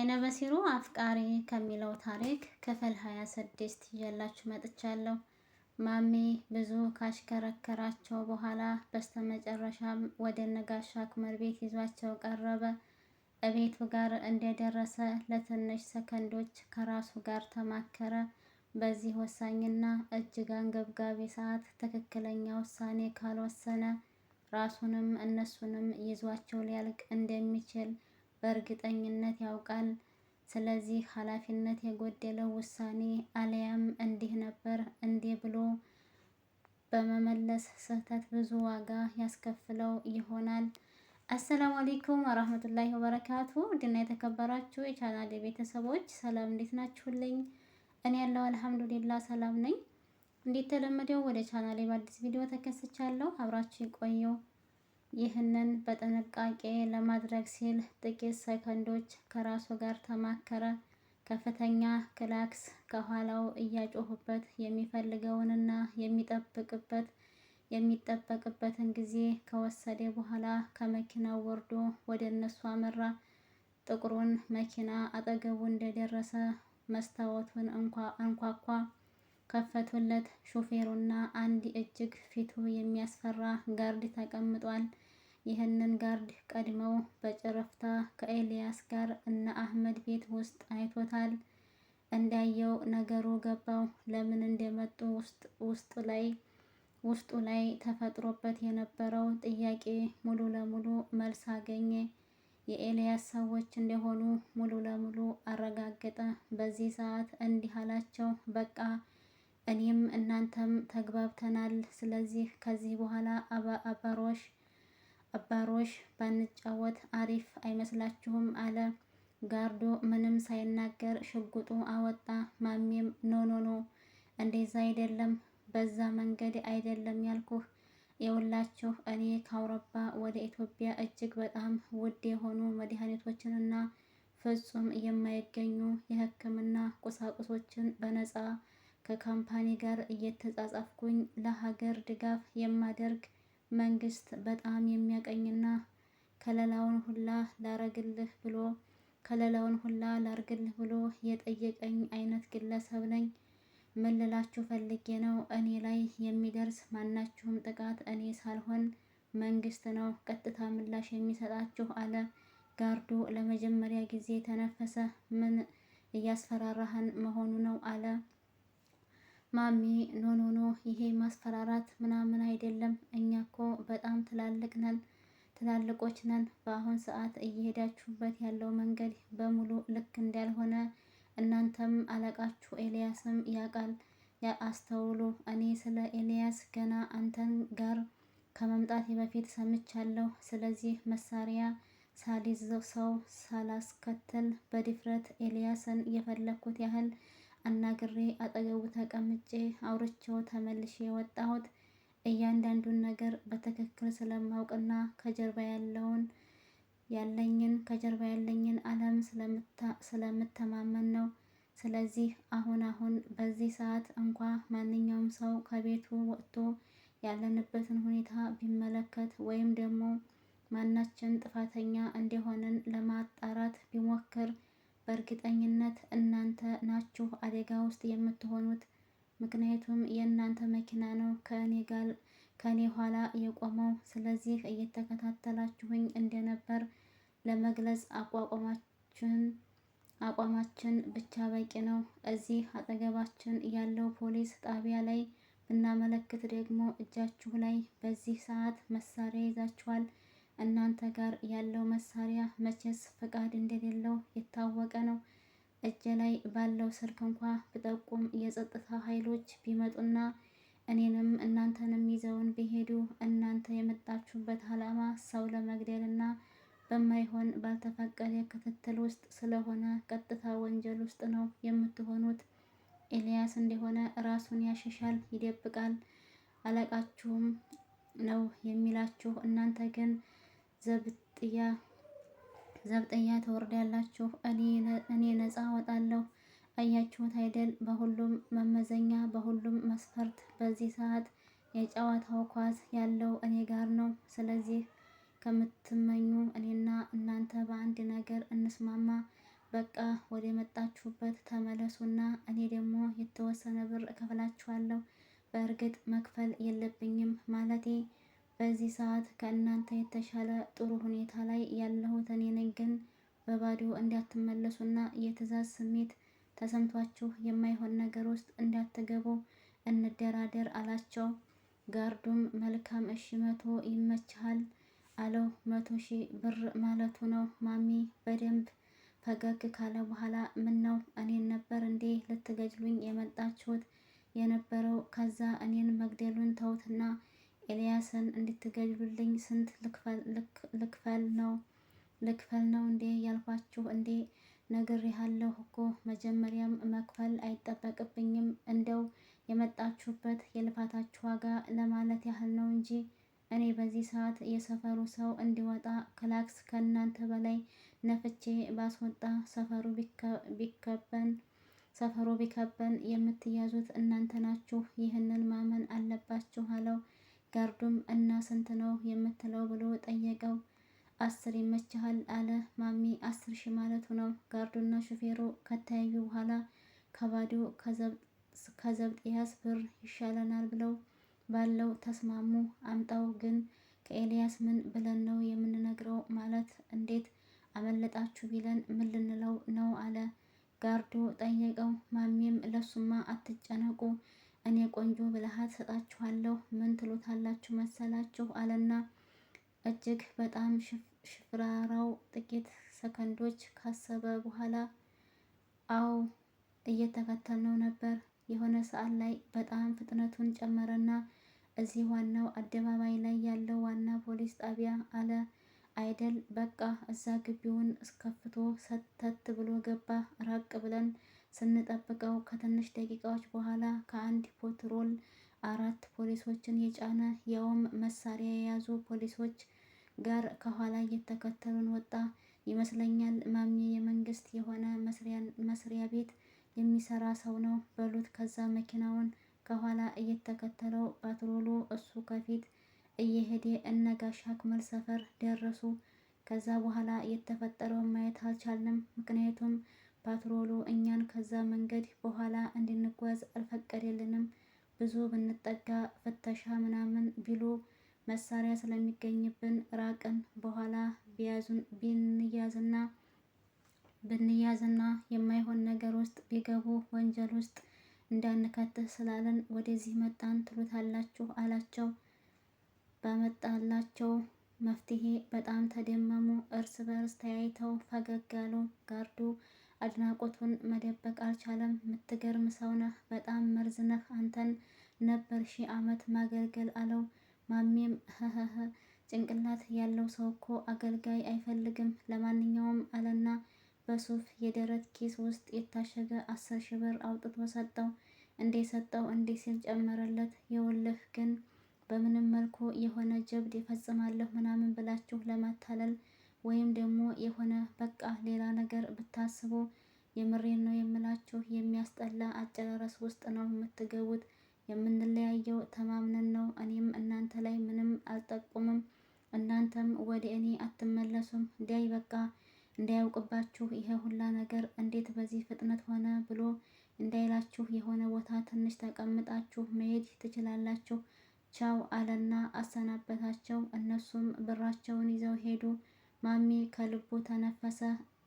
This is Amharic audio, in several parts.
አይነ በሲሩ አፍቃሪ ከሚለው ታሪክ ክፍል 26 ይዤላችሁ መጥቻለሁ። ማሚ ብዙ ካሽከረከራቸው በኋላ በስተመጨረሻም ወደ ነጋሻ አክመር ቤት ይዟቸው ቀረበ። እቤቱ ጋር እንደደረሰ ለትንሽ ሰከንዶች ከራሱ ጋር ተማከረ። በዚህ ወሳኝና እጅግ አንገብጋቢ ሰዓት ትክክለኛ ውሳኔ ካልወሰነ ራሱንም እነሱንም ይዟቸው ሊያልቅ እንደሚችል በእርግጠኝነት ያውቃል። ስለዚህ ኃላፊነት የጎደለው ውሳኔ አለያም እንዲህ ነበር እንዲህ ብሎ በመመለስ ስህተት ብዙ ዋጋ ያስከፍለው ይሆናል። አሰላሙ አሌይኩም ወራህመቱላሂ ወበረካቱ ድና የተከበራችሁ የቻናል ቤተሰቦች ሰላም እንዴት ናችሁልኝ? እኔ ያለው አልሐምዱሊላ ሰላም ነኝ። እንዴት ተለመደው ወደ ቻናሌ በአዲስ ቪዲዮ ተከስቻለሁ። አብራችሁ ይቆየው። ይህንን በጥንቃቄ ለማድረግ ሲል ጥቂት ሰከንዶች ከራሱ ጋር ተማከረ። ከፍተኛ ክላክስ ከኋላው እያጮሁበት የሚፈልገውንና የሚጠብቅበት የሚጠበቅበትን ጊዜ ከወሰደ በኋላ ከመኪናው ወርዶ ወደ እነሱ አመራ። ጥቁሩን መኪና አጠገቡ እንደደረሰ መስታወቱን አንኳኳ። ከፈቱለት። ሹፌሩና አንድ እጅግ ፊቱ የሚያስፈራ ጋርድ ተቀምጧል። ይህንን ጋርድ ቀድመው በጨረፍታ ከኤልያስ ጋር እነ አህመድ ቤት ውስጥ አይቶታል። እንዳየው ነገሩ ገባው። ለምን እንደመጡ ውስጥ ላይ ውስጡ ላይ ተፈጥሮበት የነበረው ጥያቄ ሙሉ ለሙሉ መልስ አገኘ። የኤልያስ ሰዎች እንደሆኑ ሙሉ ለሙሉ አረጋገጠ። በዚህ ሰዓት እንዲህ አላቸው፣ በቃ እኔም እናንተም ተግባብተናል። ስለዚህ ከዚህ በኋላ አባሮሽ አባሮሽ ባንጫወት አሪፍ አይመስላችሁም? አለ ጋርዶ ምንም ሳይናገር ሽጉጡ አወጣ። ማሜም ኖ ኖ ኖ እንደዛ አይደለም፣ በዛ መንገድ አይደለም ያልኩህ። የውላችሁ እኔ ከአውሮፓ ወደ ኢትዮጵያ እጅግ በጣም ውድ የሆኑ መድኃኒቶችንና ፍጹም የማይገኙ የሕክምና ቁሳቁሶችን በነፃ ከካምፓኒ ጋር እየተጻጻፍኩኝ ለሀገር ድጋፍ የማደርግ መንግስት በጣም የሚያቀኝና ከለላውን ሁላ ላረግልህ ብሎ ከለላውን ሁላ ላርግልህ ብሎ የጠየቀኝ አይነት ግለሰብ ነኝ። ምን ልላችሁ ፈልጌ ነው? እኔ ላይ የሚደርስ ማናችሁም ጥቃት እኔ ሳልሆን መንግስት ነው ቀጥታ ምላሽ የሚሰጣችሁ አለ። ጋርዱ ለመጀመሪያ ጊዜ ተነፈሰ። ምን እያስፈራራህን መሆኑ ነው አለ። ማሚ ኖ ኖ ኖ ይሄ ማስፈራራት ምናምን አይደለም። እኛ እኮ በጣም ትላልቅ ነን፣ ትላልቆች ነን። በአሁን ሰዓት እየሄዳችሁበት ያለው መንገድ በሙሉ ልክ እንዳልሆነ እናንተም አለቃችሁ ኤልያስም ያውቃል። አስተውሉ። እኔ ስለ ኤልያስ ገና አንተን ጋር ከመምጣቴ በፊት ሰምቻለሁ። ስለዚህ መሳሪያ ሳልይዝ ሰው ሳላስከትል በድፍረት ኤልያስን የፈለግኩት ያህል አናግሬ አጠገቡ ተቀምጬ አውርቼው ተመልሼ የወጣሁት እያንዳንዱን ነገር በትክክል ስለማውቅና ከጀርባ ያለውን ያለኝን ከጀርባ ያለኝን ዓለም ስለምተማመን ነው። ስለዚህ አሁን አሁን በዚህ ሰዓት እንኳ ማንኛውም ሰው ከቤቱ ወጥቶ ያለንበትን ሁኔታ ቢመለከት ወይም ደግሞ ማናችን ጥፋተኛ እንደሆነን ለማጣራት ቢሞክር በእርግጠኝነት እናንተ ናችሁ አደጋ ውስጥ የምትሆኑት። ምክንያቱም የእናንተ መኪና ነው ከእኔ ጋር ከእኔ ኋላ የቆመው። ስለዚህ እየተከታተላችሁኝ እንደነበር ለመግለጽ አቋቋማችን አቋማችን ብቻ በቂ ነው። እዚህ አጠገባችን ያለው ፖሊስ ጣቢያ ላይ ብናመለክት ደግሞ እጃችሁ ላይ በዚህ ሰዓት መሳሪያ ይዛችኋል እናንተ ጋር ያለው መሳሪያ መቼስ ፈቃድ እንደሌለው የታወቀ ነው። እጄ ላይ ባለው ስልክ እንኳ ብጠቁም የጸጥታ ኃይሎች ቢመጡና እኔንም እናንተንም ይዘውን ቢሄዱ እናንተ የመጣችሁበት ዓላማ ሰው ለመግደልና በማይሆን ባልተፈቀደ ክትትል ውስጥ ስለሆነ ቀጥታ ወንጀል ውስጥ ነው የምትሆኑት። ኤልያስ እንደሆነ ራሱን ያሸሻል፣ ይደብቃል። አለቃችሁም ነው የሚላችሁ እናንተ ግን ዘብጥያ ዘብጥያ ትወርዳላችሁ፣ እኔ ነፃ ወጣለሁ። አያችሁት አይደል? በሁሉም መመዘኛ፣ በሁሉም መስፈርት በዚህ ሰዓት የጨዋታው ኳስ ያለው እኔ ጋር ነው። ስለዚህ ከምትመኙ እኔና እናንተ በአንድ ነገር እንስማማ። በቃ ወደ መጣችሁበት ተመለሱና እኔ ደግሞ የተወሰነ ብር እከፍላችኋለሁ። በእርግጥ መክፈል የለብኝም ማለቴ በዚህ ሰዓት ከእናንተ የተሻለ ጥሩ ሁኔታ ላይ ያለሁት እኔ ነኝ። ግን በባዶ እንዳትመለሱና የትዕዛዝ ስሜት ተሰምቷችሁ የማይሆን ነገር ውስጥ እንዳትገቡ እንደራደር አላቸው። ጋርዱም መልካም እሺ መቶ ይመችሃል አለው። መቶ ሺህ ብር ማለቱ ነው። ማሚ በደንብ ፈገግ ካለ በኋላ ምን ነው እኔን ነበር እንዴ ልትገድሉኝ የመጣችሁት የነበረው? ከዛ እኔን መግደሉን ተውትና ኤልያስን እንድትገድሉልኝ ስንት ልክፈል ነው ልክፈል ነው እንዴ ያልኳችሁ እንዴ? ነግሬሃለሁ እኮ መጀመሪያም መክፈል አይጠበቅብኝም። እንደው የመጣችሁበት የልፋታችሁ ዋጋ ለማለት ያህል ነው እንጂ እኔ በዚህ ሰዓት የሰፈሩ ሰው እንዲወጣ ክላክስ ከእናንተ በላይ ነፍቼ ባስወጣ ሰፈሩ ቢከበን ሰፈሩ ቢከበን የምትያዙት እናንተ ናችሁ። ይህንን ማመን አለባችሁ አለው። ጋርዱም እና ስንት ነው የምትለው ብሎ ጠየቀው። አስር ይመችሃል አለ። ማሚ አስር ሺ ማለቱ ነው። ጋርዱና ሹፌሩ ከተያዩ በኋላ ከዘብጥ ከዘብጥያስ ብር ይሻለናል ብለው ባለው ተስማሙ። አምጣው ግን ከኤልያስ ምን ብለን ነው የምንነግረው? ማለት እንዴት አመለጣችሁ ቢለን ምን ልንለው ነው አለ። ጋርዱ ጠየቀው። ማሚም ለሱማ አትጨነቁ እኔ ቆንጆ ብልሃት ሰጣችኋለሁ፣ ምን ትሉታላችሁ መሰላችሁ አለና እጅግ በጣም ሽፍራራው ጥቂት ሰከንዶች ካሰበ በኋላ አው እየተከተልነው ነበር። የሆነ ሰዓት ላይ በጣም ፍጥነቱን ጨመረና እዚህ ዋናው አደባባይ ላይ ያለው ዋና ፖሊስ ጣቢያ አለ አይደል? በቃ እዛ ግቢውን እስከፍቶ ሰተት ብሎ ገባ። ራቅ ብለን ስንጠብቀው ከትንሽ ደቂቃዎች በኋላ ከአንድ ፖትሮል አራት ፖሊሶችን የጫነ ያውም መሳሪያ የያዙ ፖሊሶች ጋር ከኋላ እየተከተሉን ወጣ። ይመስለኛል ማሚ የመንግስት የሆነ መስሪያ ቤት የሚሰራ ሰው ነው በሉት። ከዛ መኪናውን ከኋላ እየተከተለው ፓትሮሉ እሱ ከፊት እየሄደ እነ ጋሻ አክመል ሰፈር ደረሱ። ከዛ በኋላ የተፈጠረውን ማየት አልቻልንም። ምክንያቱም ፓትሮሉ እኛን ከዛ መንገድ በኋላ እንድንጓዝ አልፈቀደልንም። ብዙ ብንጠጋ ፍተሻ ምናምን ቢሉ መሳሪያ ስለሚገኝብን ራቅን። በኋላ ብንያዝና ብንያዝና የማይሆን ነገር ውስጥ ቢገቡ ወንጀል ውስጥ እንዳንከትህ ስላለን ወደዚህ መጣን ትሉታላችሁ አላቸው። በመጣላቸው መፍትሄ በጣም ተደመሙ። እርስ በርስ ተያይተው ፈገግ አሉ። ጋርዱ አድናቆቱን መደበቅ አልቻለም። የምትገርም ሰው ነህ፣ በጣም መርዝ ነህ፣ አንተን ነበር ሺህ ዓመት ማገልገል አለው። ማሜም ሀሀሀ ጭንቅላት ያለው ሰው እኮ አገልጋይ አይፈልግም። ለማንኛውም አለና በሱፍ የደረት ኪስ ውስጥ የታሸገ አስር ሺህ ብር አውጥቶ ሰጠው። እንዴ ሰጠው እንዴ ሲል ጨመረለት። የውልህ ግን በምንም መልኩ የሆነ ጀብድ ይፈጽማለሁ ምናምን ብላችሁ ለማታለል ወይም ደግሞ የሆነ በቃ ሌላ ነገር ብታስቡ የምሬን ነው የምላችሁ የሚያስጠላ አጨራረስ ውስጥ ነው የምትገቡት። የምንለያየው ተማምነን ነው። እኔም እናንተ ላይ ምንም አልጠቁምም፣ እናንተም ወደ እኔ አትመለሱም። እንዲያይ በቃ እንዳያውቅባችሁ ይሄ ሁላ ነገር እንዴት በዚህ ፍጥነት ሆነ ብሎ እንዳይላችሁ የሆነ ቦታ ትንሽ ተቀምጣችሁ መሄድ ትችላላችሁ። ቻው አለና አሰናበታቸው። እነሱም ብራቸውን ይዘው ሄዱ። ማሚ ከልቡ ተነፈሰ።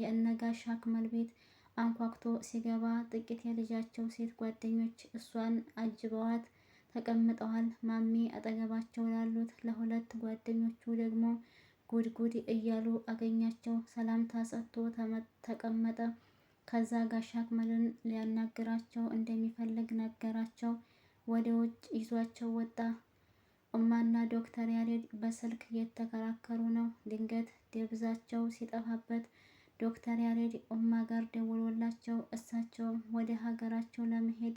የእነጋሽ አክመል ቤት አንኳኩቶ ሲገባ ጥቂት የልጃቸው ሴት ጓደኞች እሷን አጅበዋት ተቀምጠዋል። ማሚ አጠገባቸው ላሉት ለሁለት ጓደኞቹ ደግሞ ጉድጉድ እያሉ አገኛቸው። ሰላምታ ሰጥቶ ተቀመጠ። ከዛ ጋሽ አክመልን ሊያናግራቸው እንደሚፈልግ ነገራቸው። ወደ ውጭ ይዟቸው ወጣ። እማና ዶክተር ያሬድ በስልክ እየተከራከሩ ነው። ድንገት ሊያግዛቸው ሲጠፋበት ዶክተር ያሬድ ኦማ ጋር ደውሎላቸው እሳቸውም ወደ ሀገራቸው ለመሄድ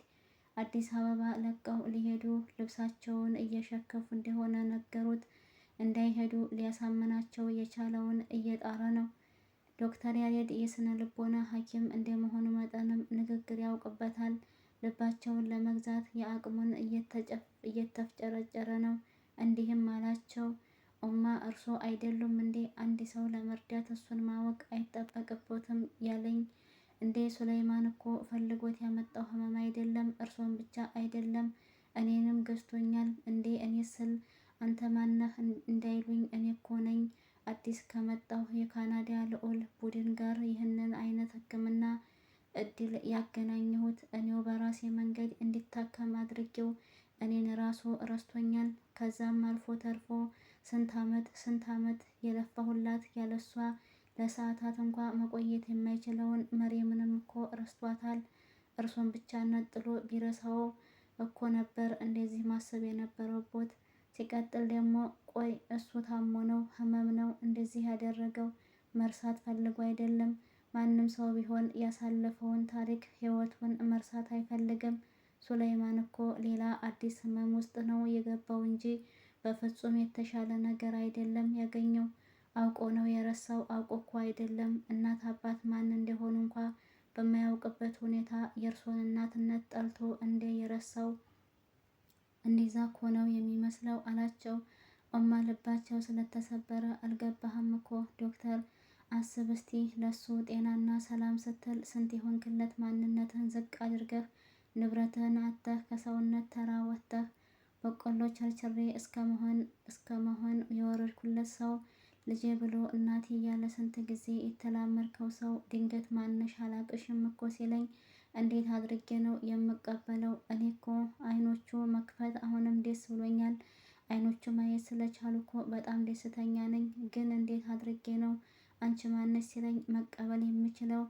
አዲስ አበባ ለቀው ሊሄዱ ልብሳቸውን እየሸከፉ እንደሆነ ነገሩት። እንዳይሄዱ ሊያሳምናቸው የቻለውን እየጣረ ነው። ዶክተር ያሬድ የስነ ልቦና ሐኪም እንደመሆኑ መጠንም ንግግር ያውቅበታል። ልባቸውን ለመግዛት የአቅሙን እየተፍጨረጨረ ነው። እንዲህም አላቸው ኦማ እርስዎ አይደሉም እንዴ አንድ ሰው ለመርዳት እሱን ማወቅ አይጠበቅበትም ያለኝ? እንዴ ሱለይማን እኮ ፈልጎት ያመጣው ህመም አይደለም፣ እርስዎን ብቻ አይደለም እኔንም ገዝቶኛል። እንዴ እኔ ስል አንተ ማነህ እንዳይሉኝ እኔ እኮ ነኝ አዲስ ከመጣው የካናዳ ልዑል ቡድን ጋር ይህንን አይነት ህክምና እድል ያገናኘሁት እኔው በራሴ መንገድ እንዲታከም አድርጌው እኔን ራሱ ረስቶኛል። ከዛም አልፎ ተርፎ ስንት ዓመት ስንት ዓመት የለፋሁላት ያለሷ ለሰዓታት እንኳ መቆየት የማይችለውን መሬምንም እኮ ረስቷታል። እርሶን ብቻ ነጥሎ ቢረሳው እኮ ነበር እንደዚህ ማሰብ የነበረው ቦት። ሲቀጥል ደግሞ ቆይ እሱ ታሞ ነው፣ ህመም ነው እንደዚህ ያደረገው። መርሳት ፈልጎ አይደለም። ማንም ሰው ቢሆን ያሳለፈውን ታሪክ ህይወቱን መርሳት አይፈልግም። ሱለይማን እኮ ሌላ አዲስ ህመም ውስጥ ነው የገባው እንጂ በፍጹም የተሻለ ነገር አይደለም ያገኘው። አውቆ ነው የረሳው። አውቆ እኮ አይደለም እናት አባት ማን እንደሆኑ እንኳ በማያውቅበት ሁኔታ የእርሶን እናትነት ጠልቶ እንደ የረሳው እንዲዛ እኮ ነው የሚመስለው አላቸው። ኦማ ልባቸው ስለተሰበረ አልገባህም እኮ ዶክተር አስብ እስቲ ለሱ ጤናና ሰላም ስትል ስንት የሆንክለት ማንነትህን ዝቅ አድርገህ ንብረትህን አተህ ከሰውነት ተራ ወጥተህ በቆሎ ቸርችሬ እስከ መሆን የወረድኩለት ሰው ልጄ ብሎ እናቴ እያለ ስንት ጊዜ የተላመድከው ሰው ድንገት ማነሽ አላቅሽም እኮ ሲለኝ እንዴት አድርጌ ነው የምቀበለው? እኔ እኮ አይኖቹ መክፈት አሁንም ደስ ብሎኛል። አይኖቹ ማየት ስለቻሉ እኮ በጣም ደስተኛ ነኝ። ግን እንዴት አድርጌ ነው አንቺ ማነሽ ሲለኝ መቀበል የምችለው?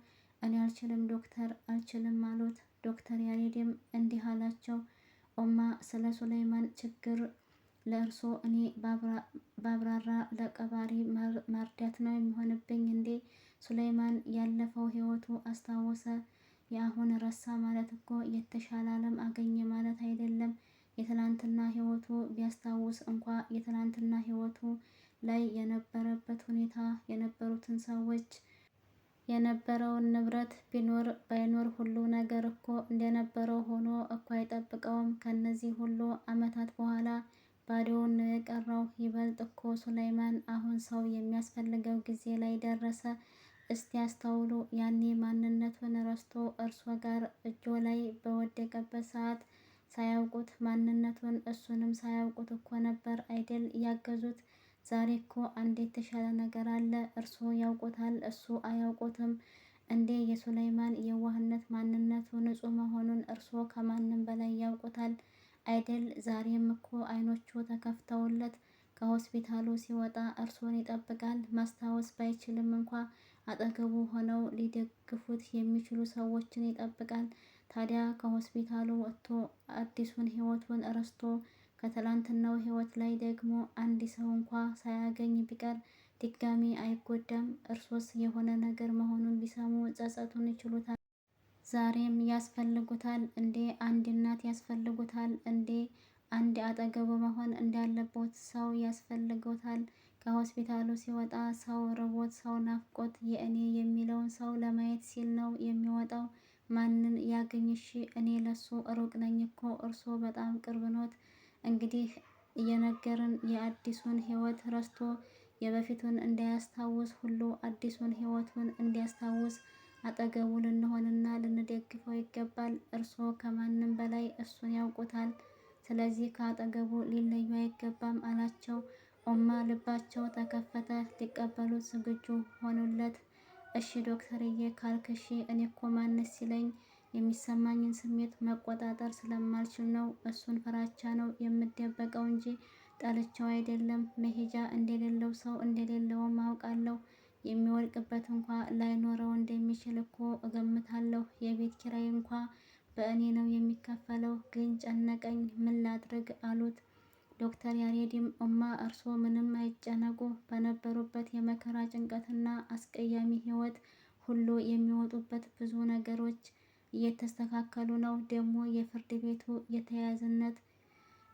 እኔ አልችልም ዶክተር፣ አልችልም አሉት። ዶክተር ያሬድም እንዲህ አላቸው ኦማ ስለ ሱለይማን ችግር ለእርሶ እኔ ባብራራ ለቀባሪ ማርዳት ነው የሚሆንብኝ እንዴ? ሱለይማን ያለፈው ህይወቱ አስታወሰ፣ የአሁን ረሳ ማለት እኮ የተሻለ ዓለም አገኘ ማለት አይደለም። የትላንትና ህይወቱ ቢያስታውስ እንኳ የትላንትና ህይወቱ ላይ የነበረበት ሁኔታ የነበሩትን ሰዎች የነበረውን ንብረት ቢኖር ባይኖር ሁሉ ነገር እኮ እንደነበረው ሆኖ እኮ አይጠብቀውም። ከነዚህ ሁሉ አመታት በኋላ ባዶውን ነው የቀረው። ይበልጥ እኮ ሱላይማን አሁን ሰው የሚያስፈልገው ጊዜ ላይ ደረሰ። እስቲ ያስተውሉ። ያኔ ማንነቱን ረስቶ እርሶ ጋር እጆ ላይ በወደቀበት ሰዓት ሳያውቁት ማንነቱን እሱንም ሳያውቁት እኮ ነበር አይደል ያገዙት? ዛሬ እኮ አንድ የተሻለ ነገር አለ። እርስዎ ያውቁታል፣ እሱ አያውቁትም። እንዴ የሱለይማን የዋህነት ማንነቱ ንጹህ መሆኑን እርስዎ ከማንም በላይ ያውቁታል አይደል? ዛሬም እኮ አይኖቹ ተከፍተውለት ከሆስፒታሉ ሲወጣ እርስዎን ይጠብቃል። ማስታወስ ባይችልም እንኳ አጠገቡ ሆነው ሊደግፉት የሚችሉ ሰዎችን ይጠብቃል። ታዲያ ከሆስፒታሉ ወጥቶ አዲሱን ሕይወቱን ረስቶ ከትላንትናው ህይወት ላይ ደግሞ አንድ ሰው እንኳ ሳያገኝ ቢቀር ድጋሚ አይጎዳም። እርሶስ የሆነ ነገር መሆኑን ቢሰሙ ጸጸቱን ይችሉታል። ዛሬም ያስፈልጉታል እንዴ? አንድ እናት ያስፈልጉታል እንዴ? አንድ አጠገቡ መሆን እንዳለቦት ሰው ያስፈልጉታል። ከሆስፒታሉ ሲወጣ ሰው ርቦት፣ ሰው ናፍቆት የእኔ የሚለውን ሰው ለማየት ሲል ነው የሚወጣው። ማንን ያገኝሽ? እኔ ለሱ ሩቅ ነኝ እኮ እርሶ በጣም ቅርብ ኖት። እንግዲህ እየነገርን የአዲሱን ህይወት ረስቶ የበፊቱን እንዳያስታውስ ሁሉ አዲሱን ህይወቱን እንዲያስታውስ አጠገቡ ልንሆንና ልንደግፈው ይገባል። እርስዎ ከማንም በላይ እሱን ያውቁታል፣ ስለዚህ ከአጠገቡ ሊለዩ አይገባም አላቸው። ኦማ ልባቸው ተከፈተ፣ ሊቀበሉት ዝግጁ ሆኑለት። እሺ ዶክተርዬ ካልክሺ እኔኮ ማንስ ሲለኝ የሚሰማኝን ስሜት መቆጣጠር ስለማልችል ነው። እሱን ፍራቻ ነው የምደበቀው እንጂ ጠልቻው አይደለም። መሄጃ እንደሌለው ሰው እንደሌለውም አውቃለሁ። የሚወድቅበት እንኳ ላይኖረው እንደሚችል እኮ እገምታለሁ። የቤት ኪራይ እንኳ በእኔ ነው የሚከፈለው። ግን ጨነቀኝ። ምን ላድርግ አሉት ዶክተር ያሬድም እማ እርስዎ ምንም አይጨነቁ። በነበሩበት የመከራ ጭንቀትና አስቀያሚ ሕይወት ሁሉ የሚወጡበት ብዙ ነገሮች እየተስተካከሉ ነው። ደግሞ የፍርድ ቤቱ የተያያዝነት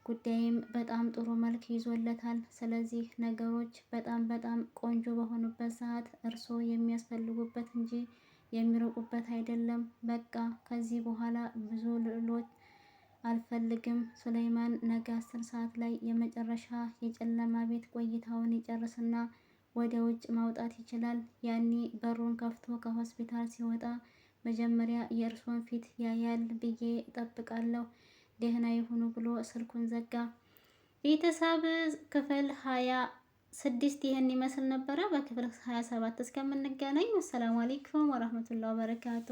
ጉዳይም በጣም ጥሩ መልክ ይዞለታል። ስለዚህ ነገሮች በጣም በጣም ቆንጆ በሆኑበት ሰዓት እርስዎ የሚያስፈልጉበት እንጂ የሚርቁበት አይደለም። በቃ ከዚህ በኋላ ብዙ ልዕሎች አልፈልግም። ሱለይማን ነገ አስር ሰዓት ላይ የመጨረሻ የጨለማ ቤት ቆይታውን ይጨርስና ወደ ውጭ ማውጣት ይችላል። ያኔ በሩን ከፍቶ ከሆስፒታል ሲወጣ መጀመሪያ የእርሶን ፊት ያያል ብዬ ጠብቃለሁ ደህና ይሁኑ ብሎ ስልኩን ዘጋ። ቤተሰብ ክፍል ሀያ ስድስት ይህን ይመስል ነበረ። በክፍል ሀያ ሰባት እስከምንገናኝ አሰላሙ አሌይኩም ወረህመቱላሂ ወበረካቱ።